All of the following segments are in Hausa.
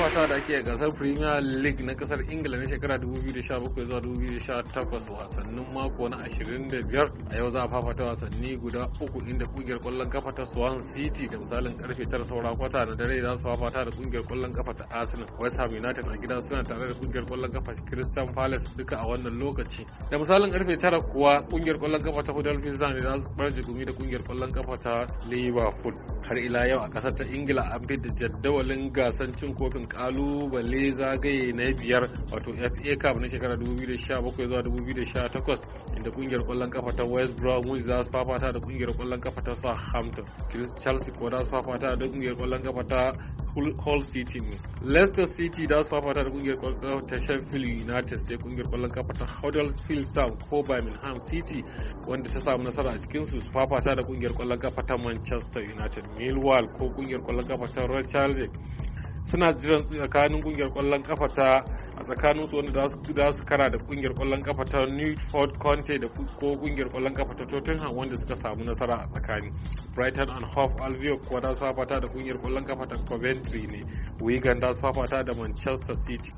fafatawa da ake a gasar premier league na kasar ingila na shekara 2017 zuwa 2018 wasannin mako na 25 a yau za a fafata wasanni guda uku inda kungiyar kwallon kafa ta swan city da misalin karfe 9 saura kwata na dare za su fafata da kungiyar kwallon kafa ta arsenal west ham united a gida suna tare da kungiyar kwallon kafa crystal palace duka a wannan lokaci da misalin karfe 9 kuwa kungiyar kwallon kafa ta huddersfield zane za su bar jigumi da kungiyar kwallon kafa ta liverpool har ila yau a kasar ta ingila an fi da jadawalin gasan cin kofin kalubale zagaye na biyar wato FA Cup na shekara 2017 zuwa 2018 inda kungiyar kwallon kafa ta West Bromwich za su fafata da kungiyar kwallon kafa ta Southampton. Chelsea kuwa za su fafata da kungiyar kwallon kafa ta Hull City ne. Leicester City za su fafata da kungiyar kwallon kafa ta Sheffield United sai kungiyar kwallon kafa ta Huddersfield Town ko Birmingham City wanda ta samu nasara a cikin su su fafata da kungiyar kwallon kafa ta Manchester United. Millwall ko kungiyar kwallon kafa ta Rochelle suna jiran tsakanin kungiyar kwallon kafa ta a tsakanin su wanda za su kara da kungiyar kwallon kafa ta Newport Conte da ko kungiyar kwallon kafa ta Tottenham wanda suka samu nasara a tsakani Brighton and Hove Albion kuwa za su fafata da kungiyar kwallon kafa ta Coventry ne Wigan za su fafata da Manchester City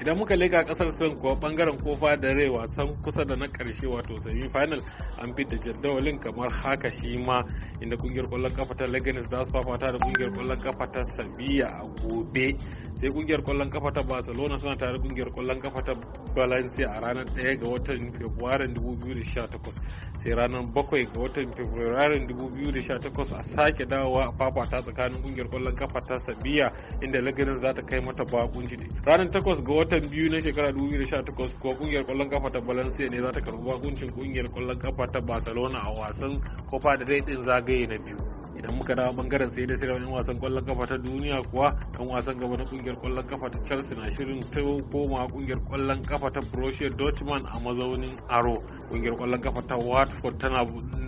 idan muka leka kasar spain kuwa bangaren kofa da rai wasan kusa da na karshe wato semi final an fi da jadawalin kamar haka shi ma inda kungiyar kwallon kafa ta leganes za su fafata da kungiyar kwallon kafa ta sabiya a gobe sai kungiyar kwallon kafa ta barcelona suna tare kungiyar kwallon kafa ta valencia a ranar 1 ga watan fabrairun 2018 sai ranar 7 ga watan fabrairun 2018 a sake dawowa a fafata tsakanin kungiyar kwallon kafa ta sabiya inda lagarin za ta kai mata bakunci ne ranar 8 ga watan biyu na shekara 2018 kuwa kungiyar kwallon kafa ta valencia ne za ta karbi bakuncin kungiyar kwallon kafa ta barcelona a wasan copa del rey din zagaye na biyu idan muka dawo bangaren sai da sayarwa yan wasan kwallon kafa ta duniya kuwa dan wasan gaba na kungiyar kwallon kafa ta Chelsea na shirin ta koma kungiyar kwallon kafa ta Borussia Dortmund a mazaunin Aro kungiyar kwallon kafa ta Watford tana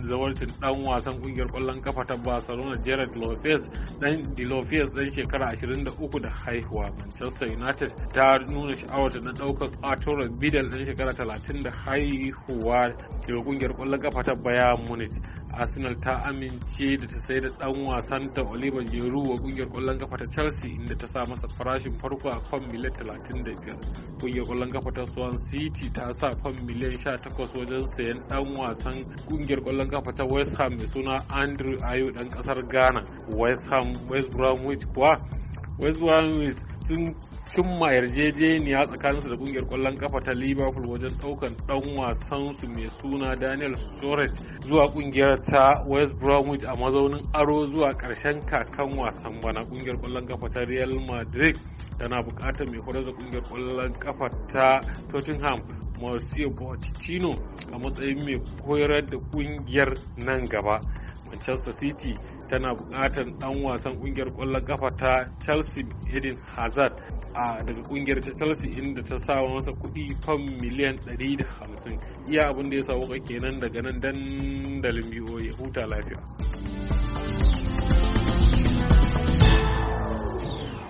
zawarcin dan wasan kungiyar kwallon kafa ta Barcelona Gerard Lopez dan Di Lopez dan shekara 23 da haihuwa Manchester United ta nuna sha'awar ta na daukar Arthur Vidal dan shekara 30 da haihuwa daga kungiyar kwallon kafa ta Bayern Munich arsenal ta amince da ta sai da dan wasan ta oliver giroud wa kungiyar kwallon kafa ta chelsea inda ta sa masa farashin farko a kan miliyan 35 kungiyar kwallon kafa ta swan city ta sa kan miliyan 18 wajen sayan dan wasan kungiyar kwallon kafa ta west ham mai suna andrew ayo dan kasar ghana west ham west bromwich kuwa west bromwich sun cimma yarjejeniya tsakaninsu da kungiyar kwallon kafa ta liverpool wajen daukan dan su mai suna daniel suarez zuwa kungiyar ta west bromwich a mazaunin aro zuwa karshen kakan wasan bana kungiyar kwallon kafa ta real madrid tana bukatar mai horar da kungiyar kwallon kafa ta tottenham mauricio pochettino a matsayin mai koyar da kungiyar nan gaba manchester city tana bukatar dan wasan kungiyar kwallon kafa ta chelsea edin hazard a daga kungiyar ta chelsea inda ta sa masa kuɗi fam miliyan 150 iya abin da ya sauka kenan daga nan dandalin biyu ya huta lafiya